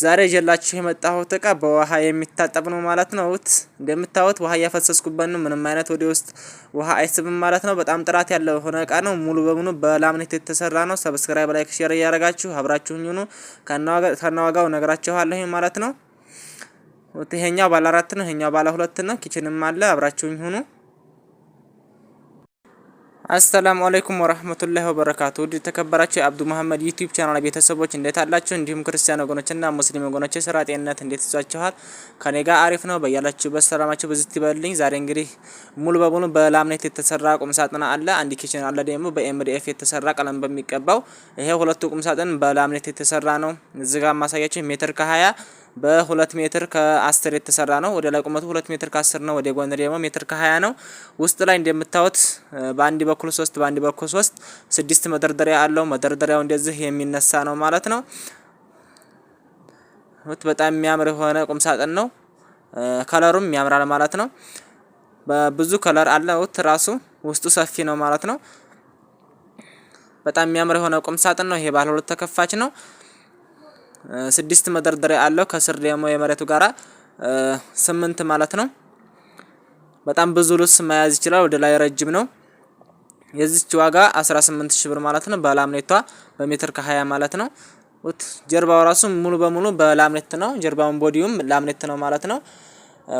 ዛሬ ጀላችሁ የመጣሁት እቃ በውሃ የሚታጠብ ነው ማለት ነው። እንደምታዩት ውሃ እያፈሰስኩበት ነው። ምንም አይነት ወደ ውስጥ ውሃ አይስብም ማለት ነው። በጣም ጥራት ያለው የሆነ እቃ ነው። ሙሉ በሙሉ በላምኔት የተሰራ ነው። ሰብስክራይብ፣ ላይክ፣ ሼር እያደረጋችሁ አብራችሁ ሁኑ። ከናዋጋው ነግራችኋለሁ ማለት ነው። ይሄኛው ባለ አራት ነው። ይሄኛው ባለ ሁለት ነው። ኪችንም አለ። አብራችሁኝ ሁኑ። አሰላሙ አለይኩም ወረህመቱላሂ ወበረካቱ። ውድ የተከበራችሁ የአብዱ መሀመድ ዩቲዩብ ቻናል ቤተሰቦች እንዴት አላችሁ? እንዲሁም ክርስቲያን ወገኖችና ሙስሊም ወገኖች ስራ፣ ጤንነት እንዴት ይዟችኋል? ከኔ ጋር አሪፍ ነው። በያላችሁበት ሰላማችሁ ብዙ ይበልልኝ። ዛሬ እንግዲህ ሙሉ በሙሉ በላምኔት የተሰራ ቁምሳጥን አለ፣ አንድ ኪችን አለ፣ ደግሞ በኤምዲኤፍ የተሰራ ቀለም በሚቀባው ይሄ ሁለቱ ቁምሳጥን በላምኔት የተሰራ ነው። እዚጋ ማሳያችሁ ሜትር ከሀያ በሁለት ሜትር ከአስር የተሰራ ነው። ወደ ላይ ቁመቱ ሁለት ሜትር ከአስር ነው። ወደ ጎን ደግሞ ሜትር ከሀያ ነው። ውስጥ ላይ እንደምታዩት በአንድ በኩል ሶስት በአንድ በኩል ሶስት ስድስት መደርደሪያ አለው። መደርደሪያው እንደዚህ የሚነሳ ነው ማለት ነው። በጣም የሚያምር የሆነ ቁምሳጥን ነው። ከለሩም ያምራል ማለት ነው። በብዙ ከለር አለውት ራሱ ውስጡ ሰፊ ነው ማለት ነው። በጣም የሚያምር የሆነ ቁምሳጥን ነው። ይሄ ባለ ሁለት ተከፋች ነው። ስድስት መደርደሪያ አለው። ከስር ደግሞ የመሬቱ ጋራ ስምንት ማለት ነው። በጣም ብዙ ልብስ መያዝ ይችላል። ወደ ላይ ረጅም ነው። የዚች ዋጋ 18 ሺህ ብር ማለት ነው። በላምኔቷ በሜትር ከ20 ማለት ነው። ጀርባው ራሱ ሙሉ በሙሉ በላምኔት ነው። ጀርባውን ቦዲውም ላምኔት ነው ማለት ነው።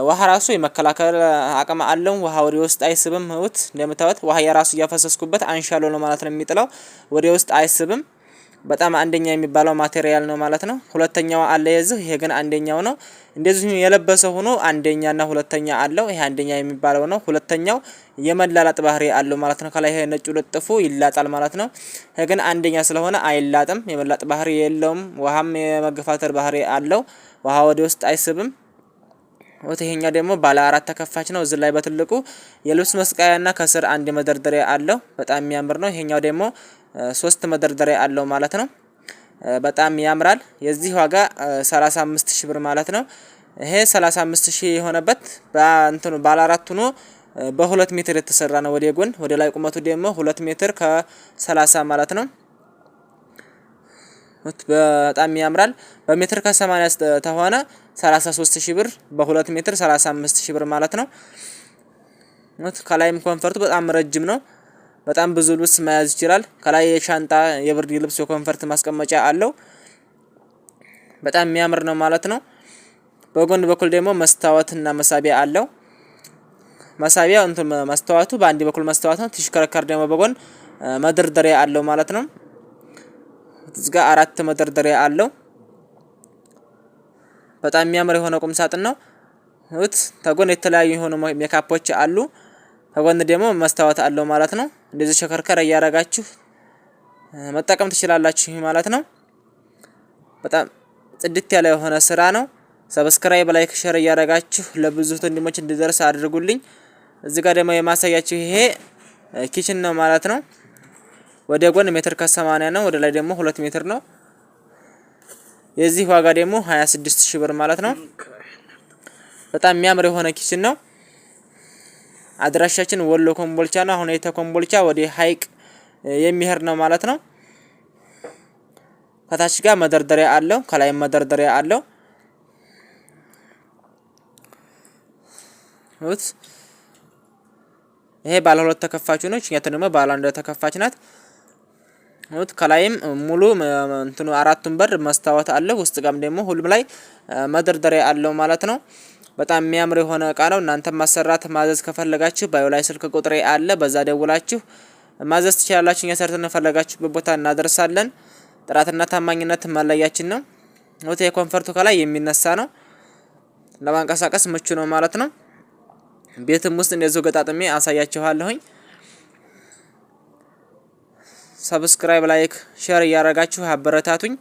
ውሃ ራሱ የመከላከል አቅም አለው። ውሃ ወደ ውስጥ አይስብም። ውት እንደምታዩት ውሃ የራሱ እያፈሰስኩበት አንሻሎ ነው ማለት ነው። የሚጥለው ወደ ውስጥ አይስብም። በጣም አንደኛ የሚባለው ማቴሪያል ነው ማለት ነው። ሁለተኛው አለ የዚህ ይሄ ግን አንደኛው ነው። እንደዚህ የለበሰ ሆኖ አንደኛና ሁለተኛ አለው። ይሄ አንደኛ የሚባለው ነው። ሁለተኛው የመላላጥ ባህሪ አለው ማለት ነው። ከላይ ይሄ ነጩ ልጥፉ ይላጣል ማለት ነው። ይሄ ግን አንደኛ ስለሆነ አይላጥም፣ የመላጥ ባህሪ የለውም። ውሃም የመገፋተር ባህሪ አለው። ውሃ ወደ ውስጥ አይስብም። ይሄኛው ደግሞ ባለ አራት ተከፋች ነው። እዚህ ላይ በትልቁ የልብስ መስቀያና ከስር አንድ መደርደሪያ አለው። በጣም የሚያምር ነው። ይሄኛው ደግሞ ሶስት መደርደሪያ አለው ማለት ነው። በጣም ያምራል። የዚህ ዋጋ 35 ሺህ ብር ማለት ነው። ይሄ 35 ሺ የሆነበት በእንትኑ ባለ አራት ሆኖ በሁለት ሜትር የተሰራ ነው። ወደ ጎን ወደ ላይ ቁመቱ ደግሞ ሁለት ሜትር ከ30 ማለት ነው። በጣም ያምራል። በሜትር ከ80 ተሆነ 33 ሺህ ብር፣ በሁለት ሜትር 35 ሺህ ብር ማለት ነው። ከላይም ኮንፈርቱ በጣም ረጅም ነው። በጣም ብዙ ልብስ መያዝ ይችላል። ከላይ የሻንጣ የብርድ ልብስ የኮንፈርት ማስቀመጫ አለው። በጣም የሚያምር ነው ማለት ነው። በጎን በኩል ደግሞ መስታወትና መሳቢያ አለው። መሳቢያ እንትን መስታወቱ በአንድ በኩል መስታወት ነው። ትሽከረከር ደግሞ በጎን መደርደሪያ አለው ማለት ነው። እዚጋ አራት መደርደሪያ አለው። በጣም የሚያምር የሆነ ቁም ሳጥን ነው። ተጎን የተለያዩ የሆኑ ሜካፖች አሉ። ተጎን ደግሞ መስታወት አለው ማለት ነው። እንደዚህ ሸከርከር እያረጋችሁ መጠቀም ትችላላችሁ ማለት ነው። በጣም ጽድት ያለ የሆነ ስራ ነው። ሰብስክራይብ፣ ላይክ፣ ሼር እያረጋችሁ ለብዙ ወንድሞች እንዲደርስ አድርጉልኝ። እዚህ ጋር ደግሞ የማሳያችሁ ይሄ ኪችን ነው ማለት ነው። ወደ ጎን ሜትር ከሰማንያ ነው። ወደ ላይ ደግሞ ሁለት ሜትር ነው። የዚህ ዋጋ ደግሞ 26 ሺህ ብር ማለት ነው። በጣም የሚያምር የሆነ ኪችን ነው። አድራሻችን ወሎ ኮምቦልቻ ነው። አሁን የተ ኮምቦልቻ ወደ ሀይቅ የሚሄድ ነው ማለት ነው። ከታች ጋር መደርደሪያ አለው፣ ከላይም መደርደሪያ አለው። ይሄ ባለ ሁለት ተከፋች ነው። እኛ ደግሞ ባለ አንድ ተከፋች ናት። ት ከላይም ሙሉ እንትኑ አራቱን በር መስታወት አለው። ውስጥ ጋም ደግሞ ሁሉም ላይ መደርደሪያ አለው ማለት ነው። በጣም የሚያምር የሆነ እቃ ነው። እናንተም ማሰራት ማዘዝ ከፈለጋችሁ ባዩ ላይ ስልክ ቁጥሬ አለ። በዛ ደውላችሁ ማዘዝ ትችላላችሁ። እኛ ሰርተን ፈለጋችሁበት ቦታ እናደርሳለን። ጥራትና ታማኝነት መለያችን ነው። ኖቴ ኮንፈርቱ ከላይ የሚነሳ ነው። ለማንቀሳቀስ ምቹ ነው ማለት ነው። ቤትም ውስጥ እንደዚሁ ገጣጥሜ አሳያችኋለሁኝ። ሰብስክራይብ፣ ላይክ፣ ሼር እያረጋችሁ አበረታቱኝ።